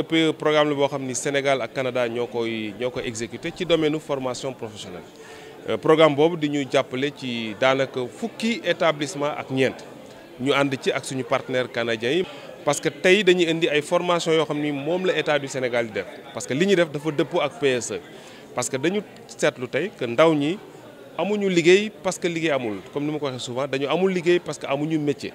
lépp e programme la boo xam ni Sénégal ak Canada ñoo koy exécuter. koy exécuté ci domaine formation professionnelle euh, programme boobu di ñu jàppale ci daanaka fukki établissement ak ñeent ñu ànd ci ak suñu partenaire canadien parce que tey dañuy indi ay formation yoo xam ni moom la état du Sénégal def parce que li ñuy def dafa dëppoo ak PSE e. parce que dañu seetlu tey que ndaw ñi amuñu liggéey parce que liggéey amul comme ni ma ko waxee souvent dañu amul liggéey parce que amuñu métier.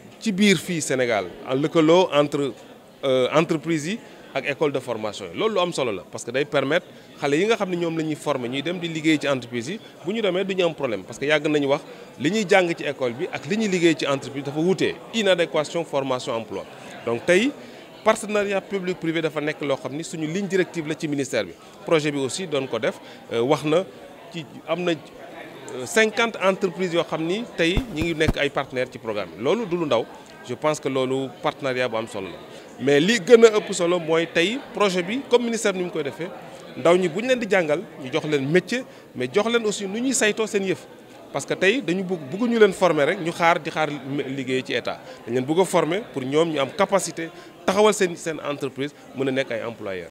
ci biir fii Sénégal en lëkkaloo entre euh, entreprise yi ak école de formation yi loolu lu am solo la parce que day permettre xale yi nga xam ne ñoom la ñuy former ñuy dem di liggéey ci entreprise yi bu ñu demee am problème parce que yàgg nañu wax li ñuy jàng ci école bi ak li ñuy liggéey ci entreprise dafa wutee inadéquation formation emploi donc tey partenariat public privé dafa nekk loo xam ni suñu ligne directive la ci ministère bi projet bi aussi doon ko def euh, wax na ci am na 50 entreprises yoo xam ni tey ñi ngi nekk ay partenaires ci programme bi loolu du lu ndaw je pense que loolu partenariat bu am solo mais li gën a ëpp solo mooy tey projet bi comme ministère ni mu koy defee ndaw ñi bu ñu leen di jàngal ñu jox leen métier mais jox leen aussi nu ñuy saytoo seen yëf parce que tey dañu bëgg bëggu ñu leen former rek ñu xaar di xaar liggéey ci état dañ leen bëgg former pour ñoom ñu am capacité taxawal seen seen entreprises, mën a nekk ay employeurs.